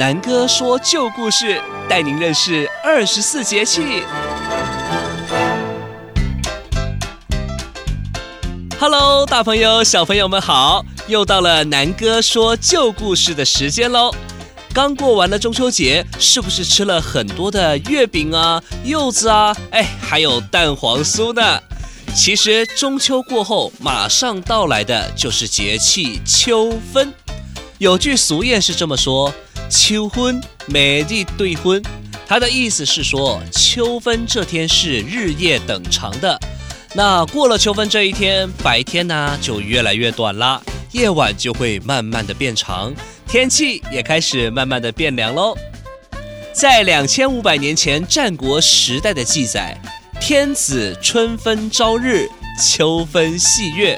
南哥說舊故事，帶您認識二十四節氣。Hello，大朋友小朋友們好！又到了南哥說舊故事的時間嘍。剛過完了中秋節，是不是吃了很多的月餅啊、柚子啊，哎，還有蛋黃酥呢？其實中秋過後，馬上到來的就是節氣秋分。有句俗諺是這麼說。秋分，美地對分。他的意思是說，秋分這天是日夜等長的。那過了秋分這一天，白天呢就越來越短啦，夜晚就會慢慢的變長，天氣也開始慢慢的變涼嘍。在兩千五百年前戰國時代的記載，天子春分朝日，秋分夕月。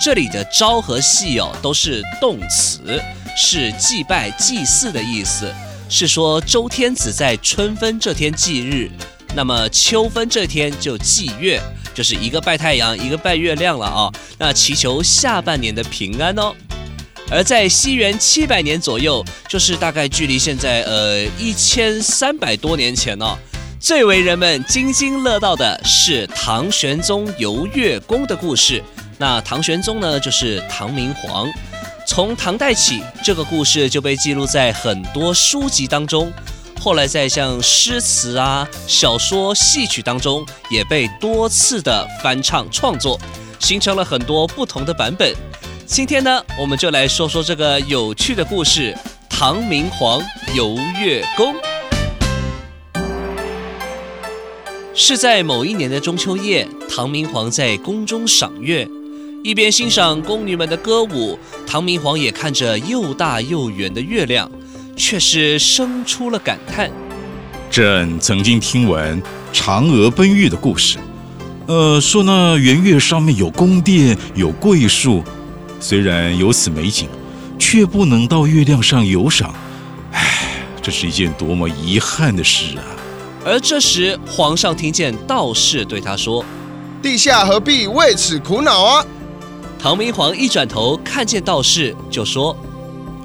這裡的朝和夕哦，都是動詞。是祭拜祭祀的意思，是說周天子在春分這天祭日，那麼秋分這天就祭月，就是一個拜太陽，一個拜月亮了啊、哦。那祈求下半年的平安哦。而在西元七百年左右，就是大概距離現在呃一千三百多年前呢、哦，最為人們津津樂道的是唐玄宗遊月宮的故事。那唐玄宗呢，就是唐明皇。從唐代起，這個故事就被記錄在很多書籍當中。後來，在像詩詞啊、小說、戲曲當中，也被多次的翻唱創作，形成了很多不同的版本。今天呢，我們就來說說這個有趣的故事：唐明皇遊月宮。是在某一年的中秋夜，唐明皇在宮中賞月。一邊欣賞宮女們的歌舞，唐明皇也看着又大又圓的月亮，卻是生出了感嘆。朕曾經聽聞嫦娥奔月的故事，呃，說那圓月上面有宮殿，有桂樹。雖然有此美景，卻不能到月亮上遊賞。唉，這是一件多麼遺憾的事啊！而這時，皇上聽見道士對他說：“陛下何必為此苦惱啊？”唐明皇一轉頭看見道士，就說：“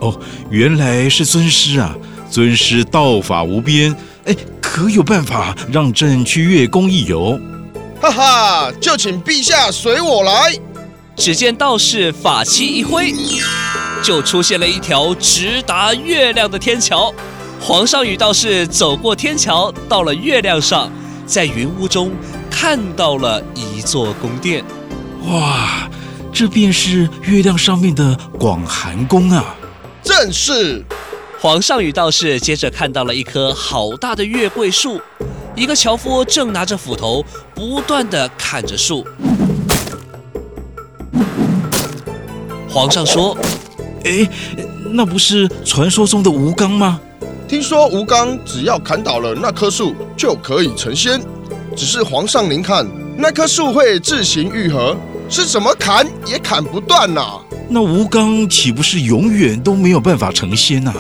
哦，原來是尊師啊！尊師道法無邊，哎，可有辦法讓朕去月宮一遊？”哈哈，就請陛下隨我來。只見道士法器一揮，就出現了一條直達月亮的天橋。皇上與道士走過天橋，到了月亮上，在雲霧中看到了一座宮殿。哇！這便是月亮上面的廣寒宮啊！正是。皇上與道士接着看到了一棵好大的月桂樹，一個樵夫正拿着斧頭不斷地砍着樹。皇上說：“誒，那不是傳說中的吳剛嗎？聽說吳剛只要砍倒了那棵樹就可以成仙，只是皇上您看，那棵樹會自行愈合。”是怎麼砍也砍不斷呢、啊？那吳剛豈不是永遠都沒有辦法成仙吶、啊？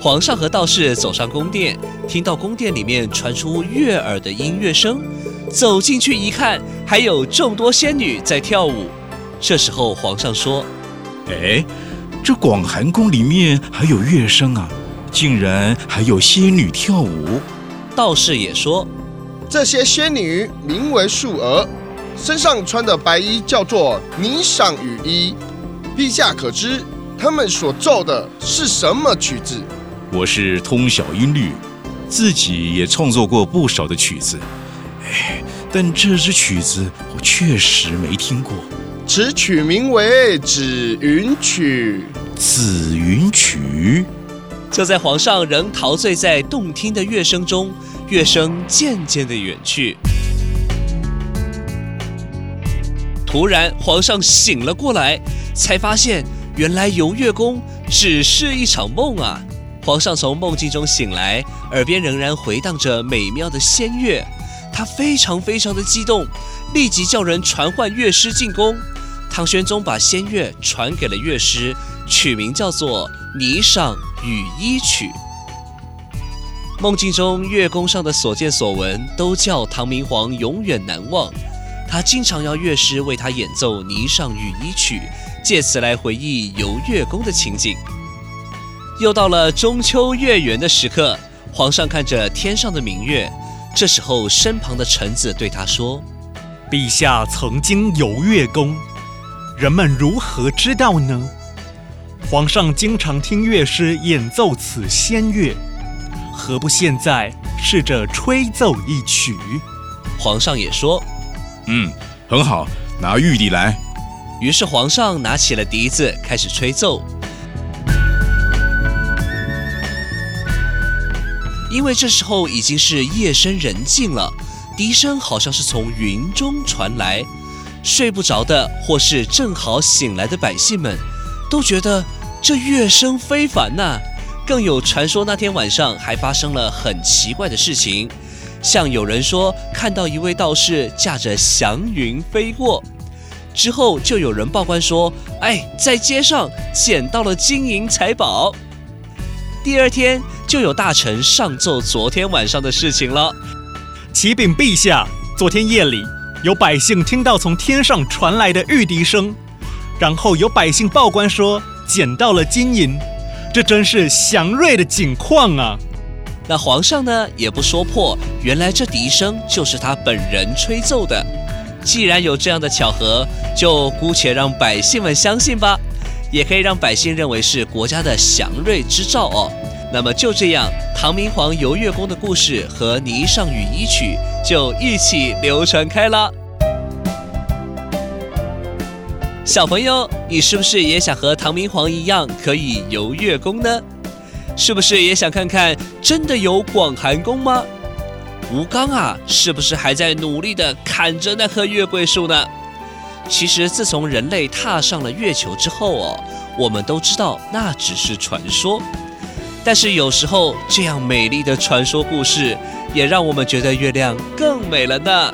皇上和道士走上宮殿，聽到宮殿裡面傳出悅耳的音樂聲，走進去一看，還有眾多仙女在跳舞。這時候皇上說：“哎，這廣寒宮裡面還有樂聲啊，竟然還有仙女跳舞。”道士也說：“這些仙女名為素娥”。身上穿的白衣叫做霓裳羽衣，陛下可知他們所奏的是什麼曲子？我是通曉音律，自己也創作過不少的曲子，唉，但這支曲子我確實沒聽過。此曲名為《紫雲曲》。紫雲曲？就在皇上仍陶醉在動聽的樂聲中，樂聲漸漸的遠去。突然，皇上醒了過來，才發現原來遊月宮只是一場夢啊！皇上從夢境中醒來，耳邊仍然回盪着美妙的仙樂，他非常非常的激動，立即叫人傳喚樂師進宮。唐玄宗把仙樂傳給了樂師，取名叫做《霓裳羽衣曲》。夢境中月宮上的所見所聞，都叫唐明皇永遠難忘。他經常要樂師為他演奏《霓裳羽衣曲》，借此來回憶遊月宮的情景。又到了中秋月圓的時刻，皇上看着天上的明月，這時候身旁的臣子對他說：“陛下曾經遊月宮，人們如何知道呢？皇上經常聽樂師演奏此仙樂，何不現在試着吹奏一曲？”皇上也說。嗯，很好，拿玉笛來。於是皇上拿起了笛子，開始吹奏。因為這時候已經是夜深人靜了，笛聲好像是從雲中傳來。睡不着的，或是正好醒來的百姓們，都覺得這樂聲非凡吶啊。更有傳說，那天晚上還發生了很奇怪的事情。像有人說看到一位道士駕着祥雲飛過，之後就有人報官說：“哎，在街上撿到了金銀財寶。”第二天就有大臣上奏昨天晚上的事情了：“啟稟陛下，昨天夜裡有百姓聽到從天上傳來的玉笛聲，然後有百姓報官說撿到了金銀，這真是祥瑞的景況啊。”那皇上呢，也不說破，原來這笛聲就是他本人吹奏的。既然有這樣的巧合，就姑且讓百姓們相信吧，也可以讓百姓認為是國家的祥瑞之兆哦。那麼就這樣，唐明皇遊月宮的故事和《霓裳羽衣曲》就一起流傳開了。小朋友，你是不是也想和唐明皇一樣可以遊月宮呢？是不是也想看看真的有廣寒宮嗎？吳剛啊，是不是還在努力地砍着那棵月桂樹呢？其實自從人類踏上了月球之後哦，我們都知道那只是傳說。但是有時候這樣美麗的傳說故事，也讓我們覺得月亮更美了呢。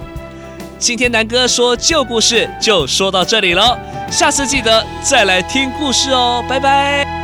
今天南哥說舊故事就說到這裡了，下次記得再來聽故事哦，拜拜。